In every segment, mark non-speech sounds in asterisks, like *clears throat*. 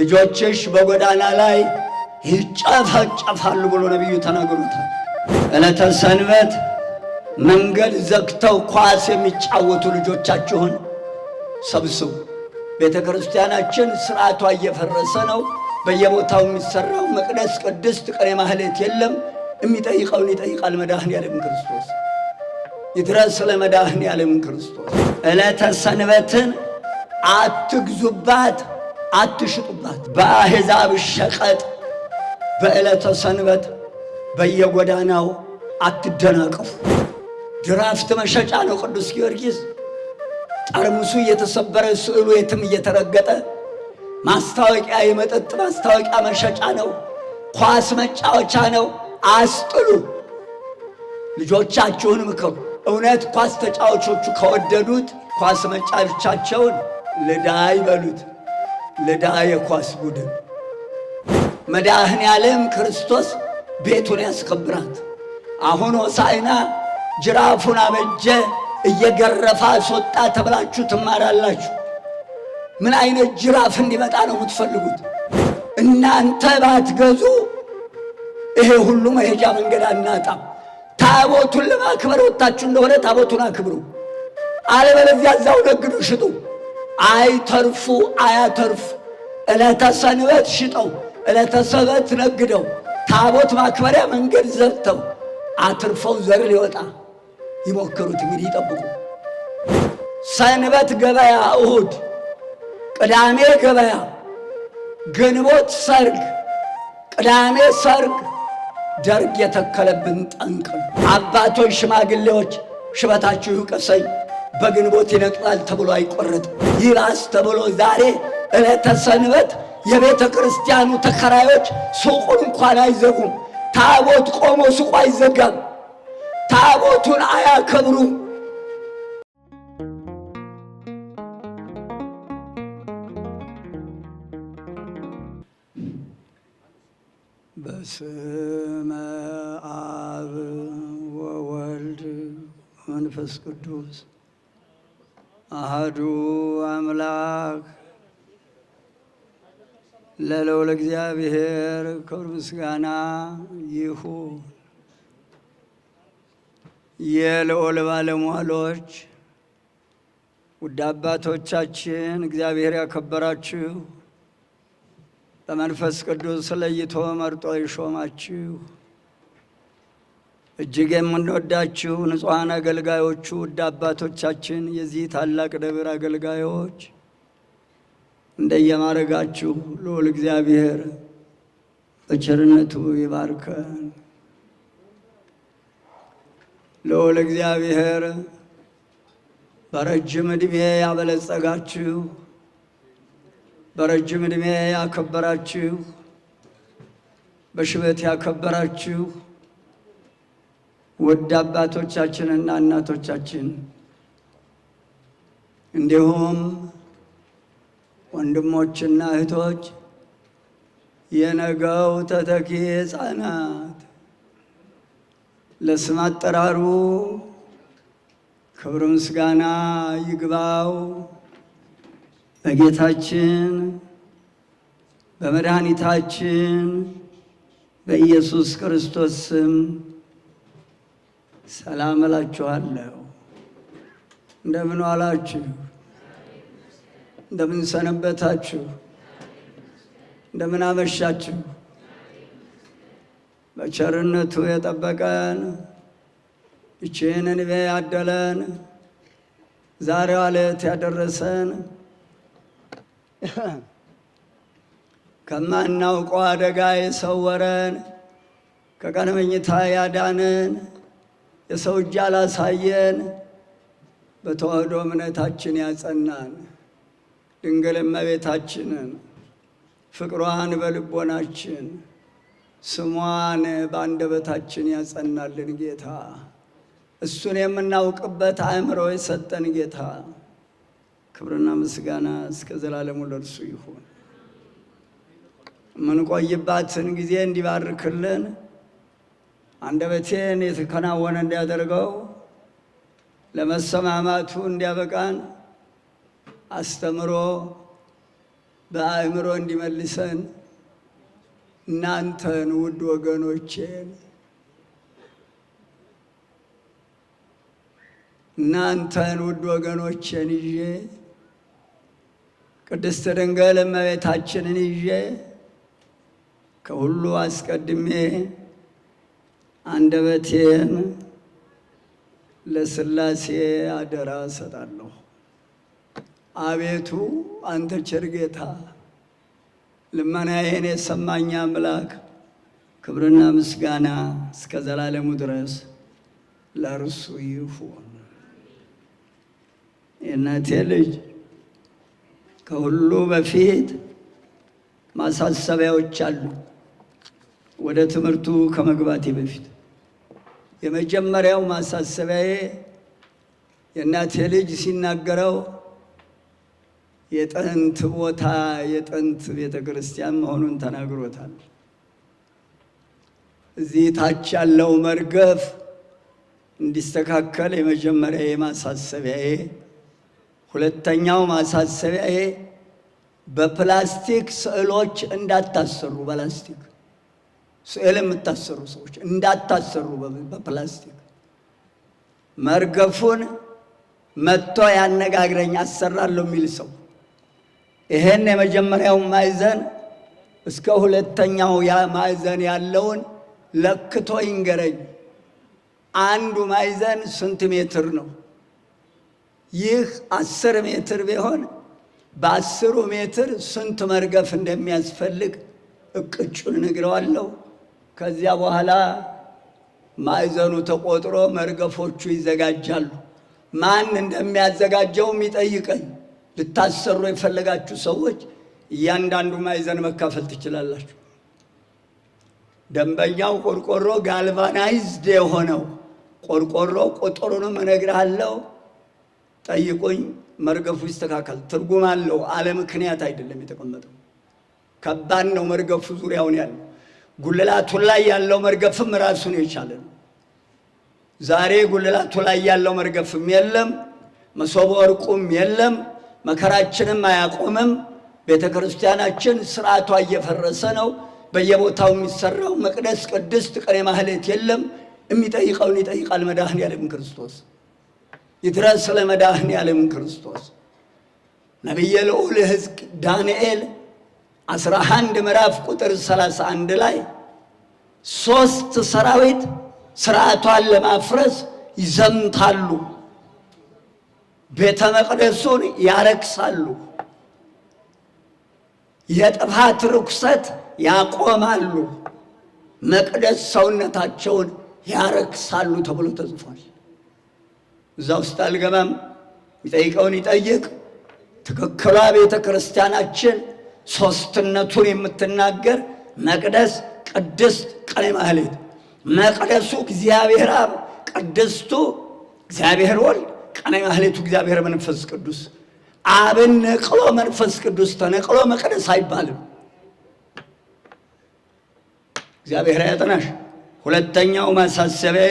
ልጆችሽ በጎዳና ላይ ይጨፈጨፋሉ ብሎ ነቢዩ ተናግሮታል። ዕለተ ሰንበት መንገድ ዘግተው ኳስ የሚጫወቱ ልጆቻችሁን ሰብስቡ። ቤተ ክርስቲያናችን ስርዓቷ እየፈረሰ ነው። በየቦታው የሚሰራው መቅደስ ቅድስት ቀኔ ማህሌት የለም። የሚጠይቀውን ይጠይቃል መድኃኔ ዓለም ክርስቶስ። ይድረስ ለመድኃኔ ዓለም ክርስቶስ። ዕለተ ሰንበትን አትግዙባት። አትሽጡባት። በአሕዛብ ሸቀጥ በዕለተ ሰንበት በየጎዳናው አትደናቀፉ። ድራፍት መሸጫ ነው ቅዱስ ጊዮርጊስ። ጠርሙሱ እየተሰበረ ስዕሉ የትም እየተረገጠ ማስታወቂያ፣ የመጠጥ ማስታወቂያ መሸጫ ነው። ኳስ መጫወቻ ነው። አስጥሉ። ልጆቻችሁን ምከሩ። እውነት ኳስ ተጫዋቾቹ ከወደዱት ኳስ መጫወቻቸውን ልዳ ይበሉት። ለድሃ የኳስ ቡድን መዳህን ያለም ክርስቶስ ቤቱን ያስከብራት። አሁን ሆሳዕና ጅራፉን አበጀ እየገረፋ አስወጣ ተብላችሁ ትማራላችሁ። ምን አይነት ጅራፍ እንዲመጣ ነው የምትፈልጉት? እናንተ ባትገዙ ይሄ ሁሉ መሄጃ መንገድ አናጣም። ታቦቱን ለማክበር ወጥታችሁ እንደሆነ ታቦቱን አክብሩ፣ አለበለዚያ እዛው ነግዱ፣ ሽጡ። አይተርፉ አያተርፉ። ዕለተ ሰንበት ሽጠው፣ ዕለተ ሰንበት ነግደው፣ ታቦት ማክበሪያ መንገድ ዘግተው አትርፈው ዘር ሊወጣ ይሞክሩት። እንግዲህ ይጠብቁ። ሰንበት ገበያ እሁድ፣ ቅዳሜ ገበያ፣ ግንቦት ሰርግ፣ ቅዳሜ ሰርግ ደርግ የተከለብን ጠንቅ። አባቶች ሽማግሌዎች ሽበታችሁ ይውቀሰኝ። በግንቦት ይነቅላል ተብሎ አይቆረጥም። ይህ ተብሎ ዛሬ ዕለተ ሰንበት የቤተ ክርስቲያኑ ተከራዮች ሱቁን እንኳን አይዘጉም። ታቦት ቆሞ ሱቁ አይዘጋም። ታቦቱን አያከብሩ። በስመ አብ ወወልድ መንፈስ ቅዱስ አህዱ አምላክ ለልዑል እግዚአብሔር ክብር ምስጋና ይሁን። የልዑል ባለሟሎች ውድ አባቶቻችን እግዚአብሔር ያከበራችሁ በመንፈስ ቅዱስ ለይቶ መርጦ ይሾማችሁ እጅግ የምንወዳችሁ ንጹሐን አገልጋዮቹ ውድ አባቶቻችን የዚህ ታላቅ ደብር አገልጋዮች እንደየማረጋችሁ ልዑል እግዚአብሔር በቸርነቱ ይባርከን። ልዑል እግዚአብሔር በረጅም ዕድሜ ያበለጸጋችሁ፣ በረጅም ዕድሜ ያከበራችሁ፣ በሽበት ያከበራችሁ ውድ አባቶቻችንና እናቶቻችን እንዲሁም ወንድሞችና እህቶች የነገው ተተኪ ሕፃናት ለስም አጠራሩ ክብር ምስጋና ይግባው በጌታችን በመድኃኒታችን በኢየሱስ ክርስቶስ ስም ሰላም እላችኋለሁ። እንደምን ዋላችሁ? እንደምን ሰነበታችሁ? እንደምን አመሻችሁ? በቸርነቱ የጠበቀን ይችን ንቤ ያደለን ዛሬዋ ዕለት ያደረሰን ከማናውቀው አደጋ የሰወረን ከቀን መኝታ ያዳንን የሰው እጅ አላሳየን፣ በተዋህዶ እምነታችን ያጸናን ድንግል እመቤታችንን ፍቅሯን በልቦናችን ስሟን በአንደበታችን ያጸናልን ጌታ እሱን የምናውቅበት አእምሮ የሰጠን ጌታ ክብርና ምስጋና እስከ ዘላለሙ ለእርሱ ይሁን። የምንቆይባትን ጊዜ እንዲባርክልን አንደበቴን የተከናወነ እንዲያደርገው ለመሰማማቱ እንዲያበቃን አስተምሮ በአእምሮ እንዲመልሰን እናንተን ውድ ወገኖቼን እናንተን ውድ ወገኖቼን ይዤ ቅድስት ድንግል እመቤታችንን ይዤ ከሁሉ አስቀድሜ አንደበቴን ለስላሴ አደራ እሰጣለሁ። አቤቱ አንተ ቸር ጌታ፣ ልመናዬን የሰማኝ አምላክ፣ ክብርና ምስጋና እስከ ዘላለሙ ድረስ ለእርሱ ይሁን። የእናቴ ልጅ ከሁሉ በፊት ማሳሰቢያዎች አሉ። ወደ ትምህርቱ ከመግባቴ በፊት የመጀመሪያው ማሳሰቢያዬ የእናቴ ልጅ ሲናገረው የጥንት ቦታ የጥንት ቤተ ክርስቲያን መሆኑን ተናግሮታል። እዚህ ታች ያለው መርገፍ እንዲስተካከል የመጀመሪያ ማሳሰቢያዬ። ሁለተኛው ማሳሰቢያዬ በፕላስቲክ ስዕሎች እንዳታሰሩ። ፕላስቲክ ስዕል የምታሰሩ ሰዎች እንዳታሰሩ በፕላስቲክ መርገፉን መጥቶ ያነጋግረኝ አሰራለሁ የሚል ሰው ይሄን የመጀመሪያው ማዕዘን እስከ ሁለተኛው ማዕዘን ያለውን ለክቶ ይንገረኝ። አንዱ ማዕዘን ስንት ሜትር ነው? ይህ አስር ሜትር ቢሆን በአስሩ ሜትር ስንት መርገፍ እንደሚያስፈልግ እቅጩን እነግረዋለሁ። ከዚያ በኋላ ማዕዘኑ ተቆጥሮ መርገፎቹ ይዘጋጃሉ። ማን እንደሚያዘጋጀውም ይጠይቀኝ። ልታሰሩ የፈለጋችሁ ሰዎች እያንዳንዱ ማዕዘን መካፈል ትችላላችሁ። ደንበኛው ቆርቆሮ ጋልቫናይዝድ የሆነው ቆርቆሮ ቁጥሩንም እነግርሃለሁ፣ ጠይቁኝ። መርገፉ ይስተካከል። ትርጉም አለው። አለ ምክንያት አይደለም የተቀመጠው። ከባድ ነው መርገፉ ዙሪያውን ያለው ጉልላቱ ላይ ያለው መርገፍም ራሱን የቻለ ነው። ዛሬ ጉልላቱ ላይ ያለው መርገፍም የለም፣ መሶበ ወርቁም የለም፣ መከራችንም አያቆምም። ቤተ ክርስቲያናችን ስርዓቷ እየፈረሰ ነው። በየቦታው የሚሰራው መቅደስ፣ ቅድስት፣ ቅኔ ማህሌት የለም። የሚጠይቀውን ይጠይቃል መድኃኔ ዓለም ክርስቶስ። ይድረስ ለመድኃኔ ዓለም ክርስቶስ። ነቢየ ልዑል ሕዝቅ ዳንኤል አስራ አንድ ምዕራፍ ቁጥር ሰላሳ አንድ ላይ ሶስት ሰራዊት ስርዓቷን ለማፍረስ ይዘምታሉ፣ ቤተ መቅደሱን ያረክሳሉ፣ የጥፋት ርኩሰት ያቆማሉ፣ መቅደስ ሰውነታቸውን ያረክሳሉ ተብሎ ተጽፏል። እዛ ውስጥ አልገባም። ይጠይቀውን ይጠይቅ። ትክክሏ ቤተ ክርስቲያናችን ሶስትነቱን የምትናገር መቅደስ፣ ቅድስት፣ ቀኔ ማህሌት። መቅደሱ እግዚአብሔር አብ፣ ቅድስቱ እግዚአብሔር ወልድ፣ ቀኔ ማህሌቱ እግዚአብሔር መንፈስ ቅዱስ። አብን ነቅሎ መንፈስ ቅዱስ ተነቅሎ መቅደስ አይባልም። እግዚአብሔር ያጠናሽ። ሁለተኛው ማሳሰቢያ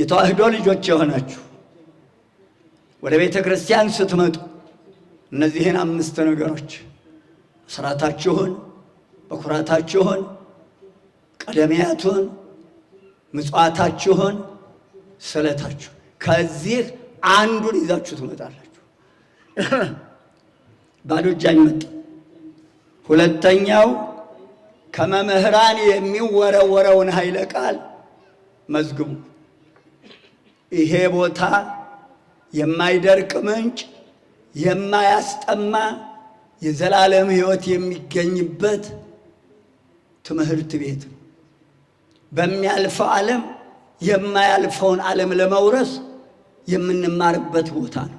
የተዋህዶ ልጆች የሆናችሁ ወደ ቤተ ክርስቲያን ስትመጡ እነዚህን አምስት ነገሮች ስራታችሁን፣ በኩራታችሁን፣ ቀደሚያቱን፣ ምጽዋታችሁን፣ ስለታችሁ ከዚህ አንዱን ይዛችሁ ትመጣላችሁ። *clears throat* ባዶ እጅ አይመጣም። ሁለተኛው ከመምህራን የሚወረወረውን ኃይለ ቃል መዝግቡ። ይሄ ቦታ የማይደርቅ ምንጭ የማያስጠማ የዘላለም ሕይወት የሚገኝበት ትምህርት ቤት በሚያልፈው ዓለም የማያልፈውን ዓለም ለመውረስ የምንማርበት ቦታ ነው።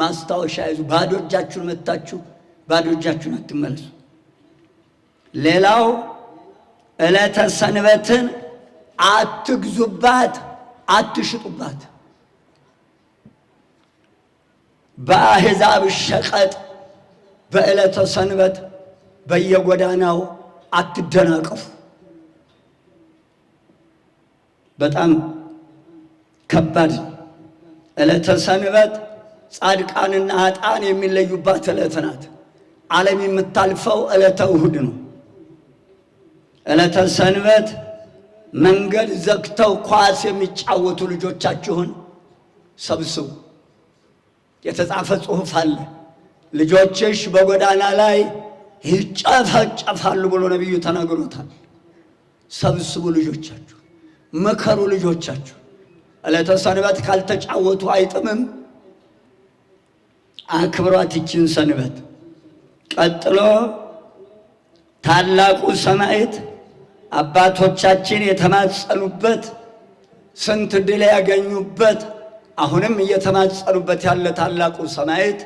ማስታወሻ ይዙ። ባዶ እጃችሁን መታችሁ፣ ባዶ እጃችሁን አትመለሱ። ሌላው ዕለተ ሰንበትን አትግዙባት፣ አትሽጡባት በአሕዛብ ሸቀጥ በዕለተ ሰንበት በየጎዳናው አትደናቀፉ። በጣም ከባድ ዕለተ ሰንበት ጻድቃንና ኃጥአን የሚለዩባት ዕለት ናት። ዓለም የምታልፈው ዕለተ እሁድ ነው። ዕለተ ሰንበት መንገድ ዘግተው ኳስ የሚጫወቱ ልጆቻችሁን ሰብስቡ። የተጻፈ ጽሑፍ አለ። ልጆችሽ በጎዳና ላይ ይጨፈጨፋሉ ብሎ ነቢዩ ተናግሮታል። ሰብስቡ ልጆቻችሁ፣ ምከሩ ልጆቻችሁ። ዕለተ ሰንበት ካልተጫወቱ አይጥምም። አክብሯት ይችን ሰንበት። ቀጥሎ ታላቁ ሰማዕት አባቶቻችን የተማጸኑበት ስንት ድል ያገኙበት አሁንም እየተማጸኑበት ያለ ታላቁ ሰማዕት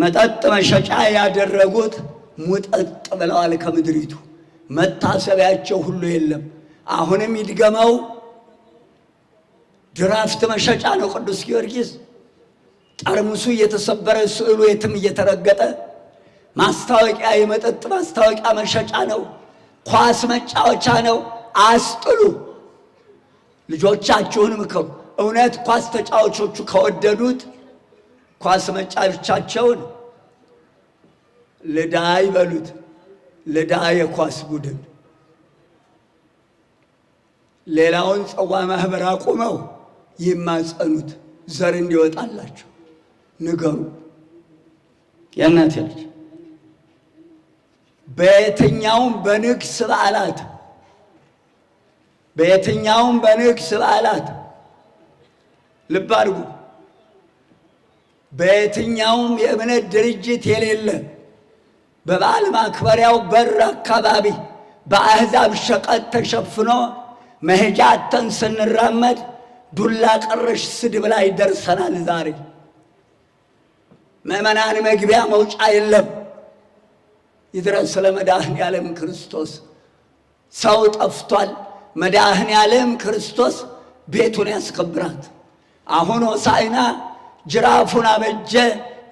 መጠጥ መሸጫ ያደረጉት ሙጠጥ ብለዋል ከምድሪቱ። መታሰቢያቸው ሁሉ የለም። አሁንም ይድገመው። ድራፍት መሸጫ ነው ቅዱስ ጊዮርጊስ። ጠርሙሱ እየተሰበረ ስዕሉ የትም እየተረገጠ ማስታወቂያ፣ የመጠጥ ማስታወቂያ መሸጫ ነው። ኳስ መጫወቻ ነው። አስጥሉ። ልጆቻችሁን ምከሩ። እውነት ኳስ ተጫዋቾቹ ከወደዱት ኳስ መጫወቻቸውን ልዳ ይበሉት፣ ልዳ የኳስ ቡድን ሌላውን ጸዋ ማህበር አቁመው ይማጸኑት፣ ዘር እንዲወጣላቸው ንገሩ። የእናቴ ልጅ በየትኛውም በንግስ በዓላት በየትኛውም በንግስ በዓላት ልብ አድርጉ። በየትኛውም የእምነት ድርጅት የሌለ በበዓል ማክበሪያው በር አካባቢ በአሕዛብ ሸቀጥ ተሸፍኖ መሄጃ አተን ስንራመድ ዱላ ቀረሽ ስድብ ላይ ደርሰናል። ዛሬ ምእመናን መግቢያ መውጫ የለም። ይድረስ ለመድኃኔ ዓለም ክርስቶስ። ሰው ጠፍቷል። መድኃኔ ዓለም ክርስቶስ ቤቱን ያስከብራት። አሁን ሆሳዕና ጅራፉን አበጀ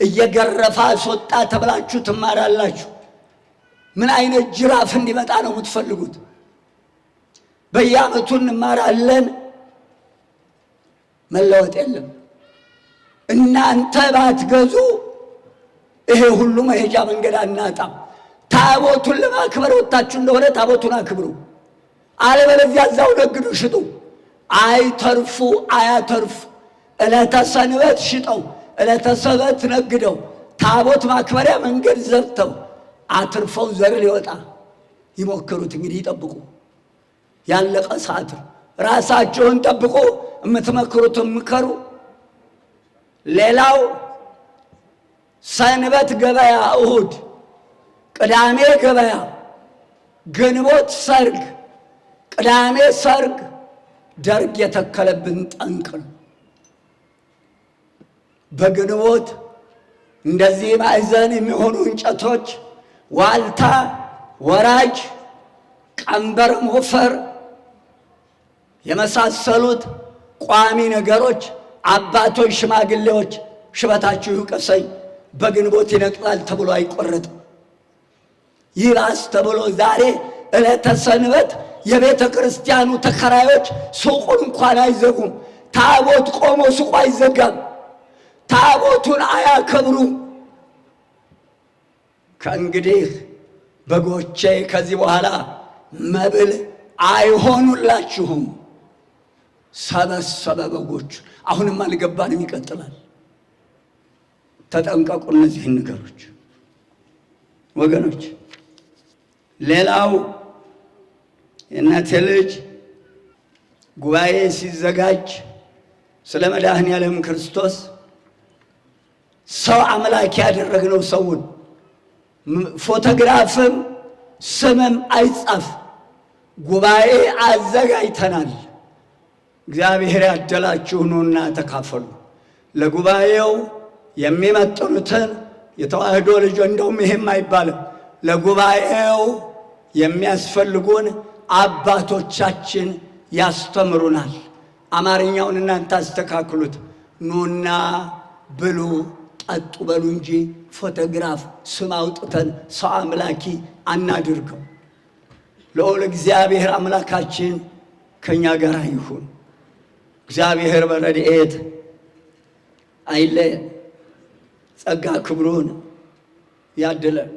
እየገረፋ አስወጣ ተብላችሁ ትማራላችሁ። ምን አይነት ጅራፍ እንዲመጣ ነው የምትፈልጉት? በየአመቱ እንማራለን። መለወጥ የለም። እናንተ ባትገዙ ይሄ ሁሉ መሄጃ መንገድ አናጣም። ታቦቱን ለማክበር ወጥታችሁ እንደሆነ ታቦቱን አክብሩ፣ አለበለዚያ እዛው ነግዱ፣ ሽጡ። አይተርፉ አያተርፉ ዕለተ ሰንበት ሽጠው፣ ዕለተ ሰንበት ነግደው፣ ታቦት ማክበሪያ መንገድ ዘርተው አትርፈው ዘር ሊወጣ ይሞክሩት። እንግዲህ ይጠብቁ፣ ያለቀ ሰዓት። ራሳችሁን ጠብቁ፣ እምትመክሩት ምከሩ። ሌላው ሰንበት ገበያ እሁድ፣ ቅዳሜ ገበያ፣ ግንቦት ሰርግ፣ ቅዳሜ ሰርግ ደርግ የተከለብን ጠንቅ ነው። በግንቦት እንደዚህ ማዕዘን የሚሆኑ እንጨቶች ዋልታ፣ ወራጅ፣ ቀንበር፣ ሞፈር የመሳሰሉት ቋሚ ነገሮች አባቶች፣ ሽማግሌዎች ሽበታችሁ ይውቀሰኝ በግንቦት ይነቅላል ተብሎ አይቆረጥም። ይባስ ተብሎ ዛሬ ዕለተ ሰንበት የቤተ ክርስቲያኑ ተከራዮች ሱቁን እንኳን አይዘጉም። ታቦት ቆሞ ሱቁ አይዘጋም። ታቦቱን አያከብሩ ከእንግዲህ በጎቼ ከዚህ በኋላ መብል አይሆኑላችሁም። ሰበሰበ በጎች አሁንም አልገባንም፣ ይቀጥላል። ተጠንቀቁ እነዚህን ነገሮች ወገኖች። ሌላው የእናቴ ልጅ ጉባኤ ሲዘጋጅ ስለ መድኃኔ ክርስቶስ ሰው አምላክ ያደረግነው ሰውን ፎቶግራፍም ስምም አይጻፍ። ጉባኤ አዘጋጅተናል። እግዚአብሔር ያደላችሁ ኑና ተካፈሉ። ለጉባኤው የሚመጥኑትን የተዋህዶ ልጆ እንደውም ይሄም አይባልም። ለጉባኤው የሚያስፈልጉን አባቶቻችን ያስተምሩናል። አማርኛውን እናንተ አስተካክሉት። ኑና ብሉ ጸጥ በሉ እንጂ ፎቶግራፍ ስም አውጥተን ሰው አምላኪ አናድርገው። ለሁል እግዚአብሔር አምላካችን ከእኛ ጋር ይሁን። እግዚአብሔር በረድኤት አይለ ጸጋ ክብሩን ያድለን።